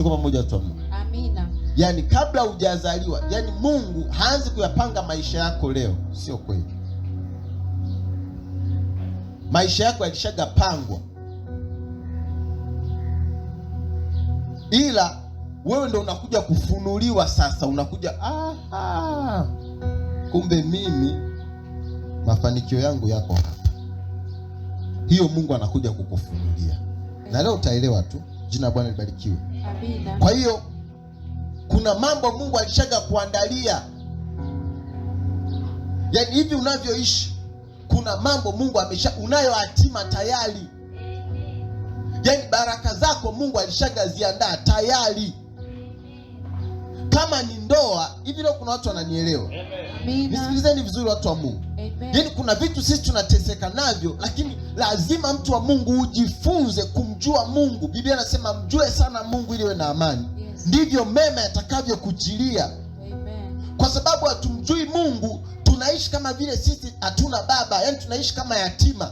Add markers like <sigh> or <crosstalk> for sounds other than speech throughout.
Tuko pamoja tu. Amina. Yaani kabla hujazaliwa, yaani Mungu haanzi kuyapanga maisha yako leo, sio kweli. Maisha yako yalishagapangwa, ila wewe ndo unakuja kufunuliwa sasa, unakuja aha, kumbe mimi mafanikio yangu yako hapa. Hiyo Mungu anakuja kukufunulia, na leo utaelewa tu. Jina la Bwana libarikiwe. Amina. Kwa hiyo kuna mambo Mungu alishaga kuandalia, yaani hivi unavyoishi kuna mambo Mungu amesha, unayo hatima tayari, yaani baraka zako Mungu alishaga ziandaa tayari. Kama ni ndoa hivi, leo kuna watu wananielewa, nisikilizeni vizuri, watu wa Mungu Yaani kuna vitu sisi tunateseka navyo, lakini lazima mtu wa Mungu ujifunze kumjua Mungu. Biblia anasema mjue sana Mungu ili uwe na amani, yes. Ndivyo mema yatakavyokujilia. Kwa sababu hatumjui Mungu, tunaishi kama vile sisi hatuna baba, yaani tunaishi kama yatima.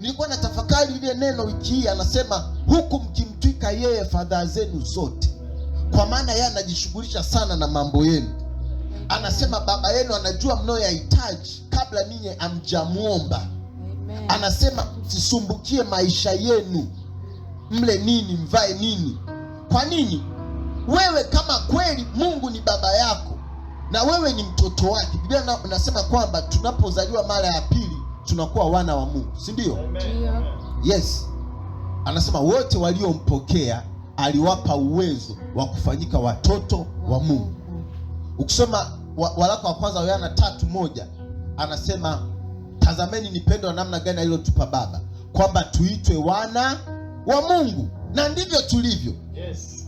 Nilikuwa na tafakari ile neno wiki hii, anasema huku mkimtwika yeye fadhaa zenu zote, kwa maana yeye anajishughulisha sana na mambo yenu. Anasema baba yenu anajua mnayoyahitaji kabla ninyi amjamwomba. Anasema msisumbukie maisha yenu, mle nini, mvae nini. Kwa nini? Wewe kama kweli Mungu ni baba yako na wewe ni mtoto wake, Biblia nasema kwamba tunapozaliwa mara ya pili tunakuwa wana wa Mungu, si ndio? Yes, anasema wote waliompokea aliwapa uwezo wa kufanyika watoto wa Mungu. Ukisoma waraka wa kwanza wa Yohana tatu moja anasema tazameni ni pendo la namna gani alilotupa Baba kwamba tuitwe wana wa Mungu, na ndivyo tulivyo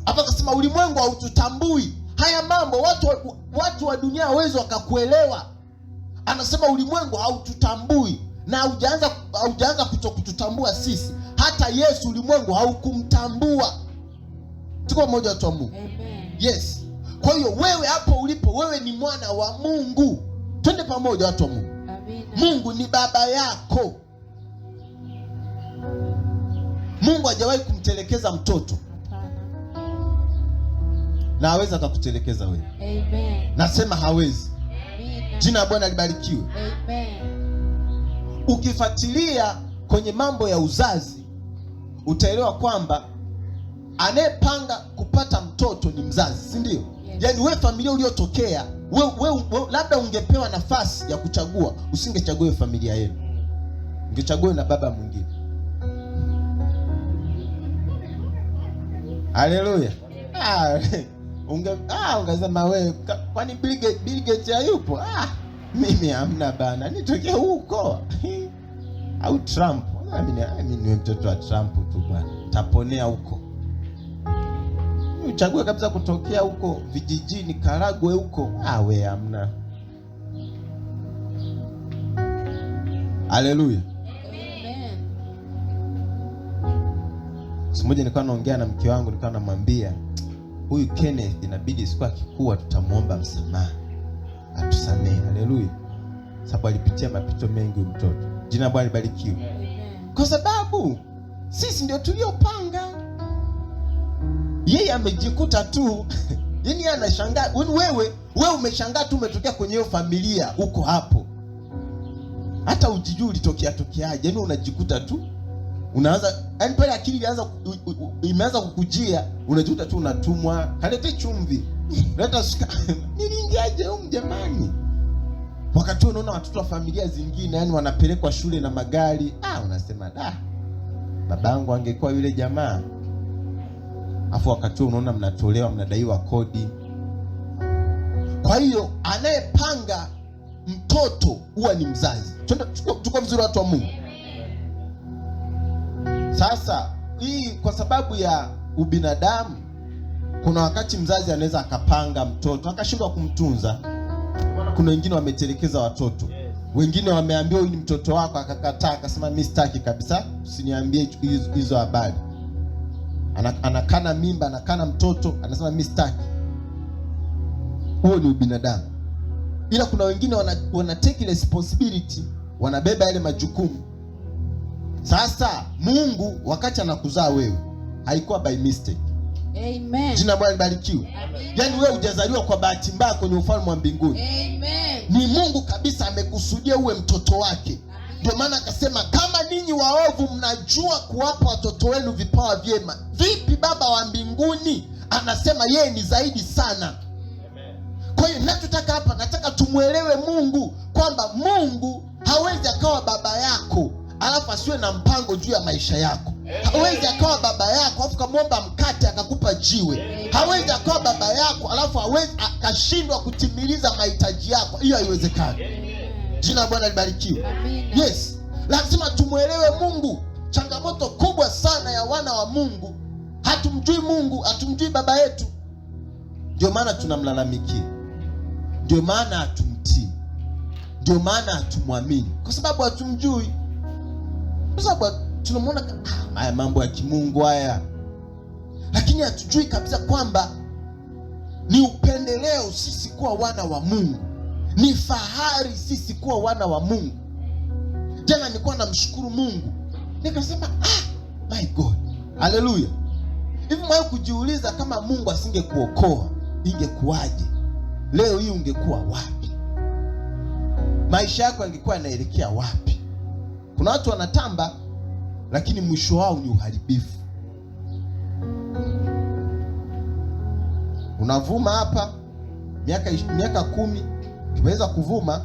hapa. Yes. ulimwengu haututambui haya mambo, watu, watu wa dunia hawezi wakakuelewa. Anasema ulimwengu haututambui na haujaanza haujaanza kuto kututambua sisi, hata Yesu ulimwengu haukumtambua. Tuko mmoja, watu wa Mungu. Amen. Yes, kwa hiyo wewe hapo ulipo ni mwana wa Mungu. Twende pamoja watu wa Mungu. Amina. Mungu ni baba yako. Mungu hajawahi kumtelekeza mtoto. Na aweza akakutelekeza wewe. Nasema hawezi. Amina. Jina la Bwana libarikiwe. Ukifuatilia kwenye mambo ya uzazi utaelewa kwamba anayepanga kupata mtoto ni mzazi, si ndio? yani wewe familia uliotokea wewe, we, labda ungepewa nafasi ya kuchagua usingechagua hiyo familia yenu, ungechagua na baba mwingine. Haleluya! Ah, <laughs> unge ah, ungesema wewe, kwani Bill hayupo? Ah, mimi hamna bana, nitokea huko <laughs> au Trump. Mimi ni mtoto wa Trump tu bwana, taponea huko uchague kabisa kutokea huko vijijini Karagwe huko, awe hamna. Haleluya. Siku moja nilikuwa naongea na mke wangu, nilikuwa namwambia huyu Kenneth inabidi siku akikua tutamwomba msamaha atusamehe. Haleluya, sababu alipitia mapito mengi mtoto. Jina Bwana libarikiwe, kwa sababu sisi ndio tuliopanga yeye amejikuta tu <laughs> yani anashangaa. Wewe wewe umeshangaa tu, umetokea kwenye hiyo familia, huko hapo, hata ujijui ulitokea tokeaje, yani unajikuta tu unaanza yani pale akili ilianza imeanza kukujia, unajikuta tu unatumwa, kalete chumvi, <laughs> leta sika <laughs> niliingiaje huko jamani? Wakati huo unaona watoto wa familia zingine yani wanapelekwa shule na magari, ah, unasema da, babangu angekuwa yule jamaa afu wakati unaona mnatolewa, mnadaiwa kodi. Kwa hiyo anayepanga mtoto huwa ni mzazi. Tuko vizuri, watu wa Mungu? Sasa hii kwa sababu ya ubinadamu, kuna wakati mzazi anaweza akapanga mtoto akashindwa kumtunza. Kuna wengine wametelekeza watoto wengine wameambiwa huyu ni mtoto wako, akakataa akasema mi sitaki kabisa, usiniambie hizo habari anakana mimba, anakana mtoto, anasema mimi sitaki. Huo ni ubinadamu, ila kuna wengine wana, wana take responsibility, wanabeba yale majukumu. Sasa Mungu wakati anakuzaa wewe haikuwa by mistake. Amen. Jina Bwana libarikiwe. Yaani wewe hujazaliwa kwa bahati mbaya kwenye ufalme wa mbinguni. Amen. Ni Mungu kabisa amekusudia uwe mtoto wake. Ndio maana akasema kama ninyi waovu mnajua kuwapa watoto wenu vipawa vyema, vipi Baba wa mbinguni anasema yeye ni zaidi sana? Kwa hiyo nachotaka hapa, nataka tumwelewe Mungu kwamba Mungu hawezi akawa baba yako alafu asiwe na mpango juu ya maisha yako. Hawezi akawa baba yako alafu kamwomba mkate akakupa jiwe. Hawezi akawa baba yako alafu hawezi akashindwa kutimiliza mahitaji yako, hiyo haiwezekani. Jina la Bwana libarikiwe. Yes, lazima tumwelewe Mungu. Changamoto kubwa sana ya wana wa Mungu, hatumjui Mungu, hatumjui baba yetu, ndio maana tunamlalamikia, ndio maana hatumtii, ndio maana hatumwamini, kwa sababu hatumjui, kwa sababu tunamwona ah, haya mambo ya kimungu haya, lakini hatujui kabisa kwamba ni upendeleo sisi kuwa wana wa Mungu. Ni fahari sisi kuwa wana wa Mungu. Jana nilikuwa namshukuru Mungu nikasema, ah, my God, haleluya. Hivi mwayo kujiuliza kama Mungu asingekuokoa ingekuwaje? Leo hii ungekuwa wapi? Maisha yako yangekuwa yanaelekea wapi? Kuna watu wanatamba, lakini mwisho wao ni uharibifu. Unavuma hapa miaka miaka kumi Ukiweza kuvuma,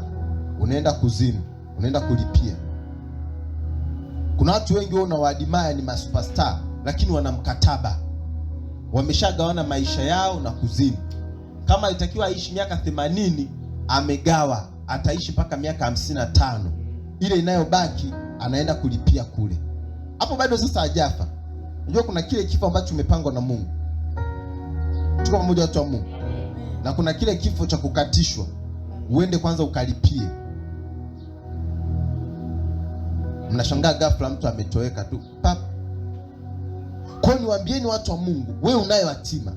unaenda kuzimu, unaenda kulipia. Kuna watu wengi wao unawaadimaya ni masuperstar, lakini wana mkataba, wameshagawana maisha yao na kuzimu. Kama alitakiwa aishi miaka themanini, amegawa, ataishi mpaka miaka hamsini na tano. Ile inayobaki anaenda kulipia kule, hapo bado sasa hajafa. Unajua kuna kile kifo ambacho umepangwa na Mungu. Tuko pamoja, watu wa Mungu, na kuna kile kifo cha kukatishwa uende kwanza ukalipie. Mnashangaa ghafla mtu ametoweka tu pap. Kwa niwaambieni watu wa Mungu, wewe unayo hatima.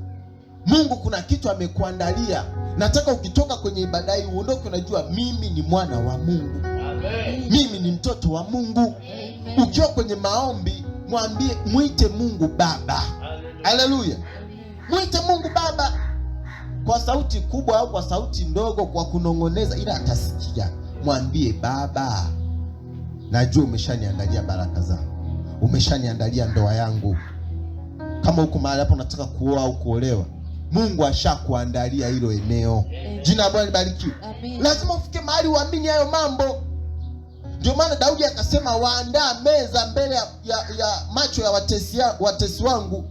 Mungu kuna kitu amekuandalia. Nataka ukitoka kwenye ibada hii uondoke unajua mimi ni mwana wa Mungu. Amen. Mimi ni mtoto wa Mungu. Amen. Ukiwa kwenye maombi mwambie, mwite Mungu Baba. Haleluya, mwite Mungu Baba kwa sauti kubwa au kwa sauti ndogo, kwa kunong'oneza, ila atasikia. Mwambie Baba, najua umeshaniandalia baraka zangu, umeshaniandalia ndoa yangu. Kama huko mahali hapo unataka kuoa au kuolewa, Mungu ashakuandalia hilo eneo. Jina Bwana libarikiwe. Lazima ufike mahali uamini hayo mambo. Ndio maana Daudi akasema, waandaa meza mbele ya, ya, ya macho ya watesi, ya watesi wangu.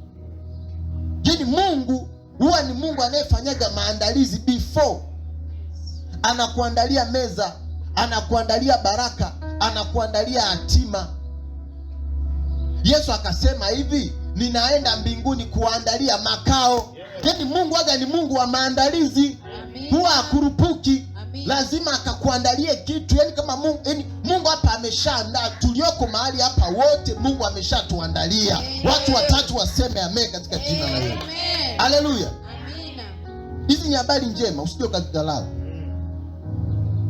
Yaani Mungu Huwa ni Mungu anayefanyaga maandalizi before, anakuandalia meza, anakuandalia baraka, anakuandalia hatima. Yesu akasema hivi, ninaenda mbinguni kuandalia makao. Yaani Mungu aga ni Mungu wa maandalizi, huwa akurupuki lazima akakuandalie kitu. Yani kama Mungu, yani Mungu hapa ameshaandaa. Tulioko mahali hapa wote Mungu ameshatuandalia. Watu watatu waseme amee katika jina la Yesu. Haleluya. Hizi ni habari njema, usije ukazidharau.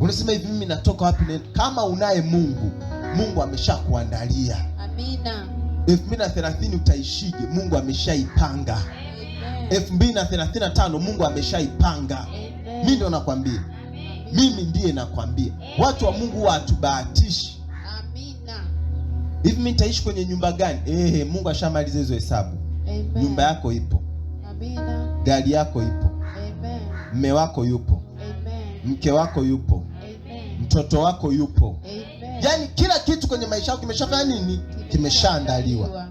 Unasema hivi, mimi natoka wapi? Kama unaye Mungu, Mungu ameshakuandalia. Amina. 2030 utaishije? Mungu ameshaipanga. 2035 Mungu ameshaipanga. Mimi ndio nakwambia. Mimi ndiye nakwambia, watu wa Mungu watubahatishi. Amina. Hivi mimi nitaishi kwenye nyumba gani? Eh, Mungu ashamaliza hizo hesabu. Nyumba yako ipo, gari yako ipo, mme wako yupo, mke wako yupo, mtoto wako yupo, yaani kila kitu kwenye maisha yako kimeshafanya nini? Kimeshaandaliwa.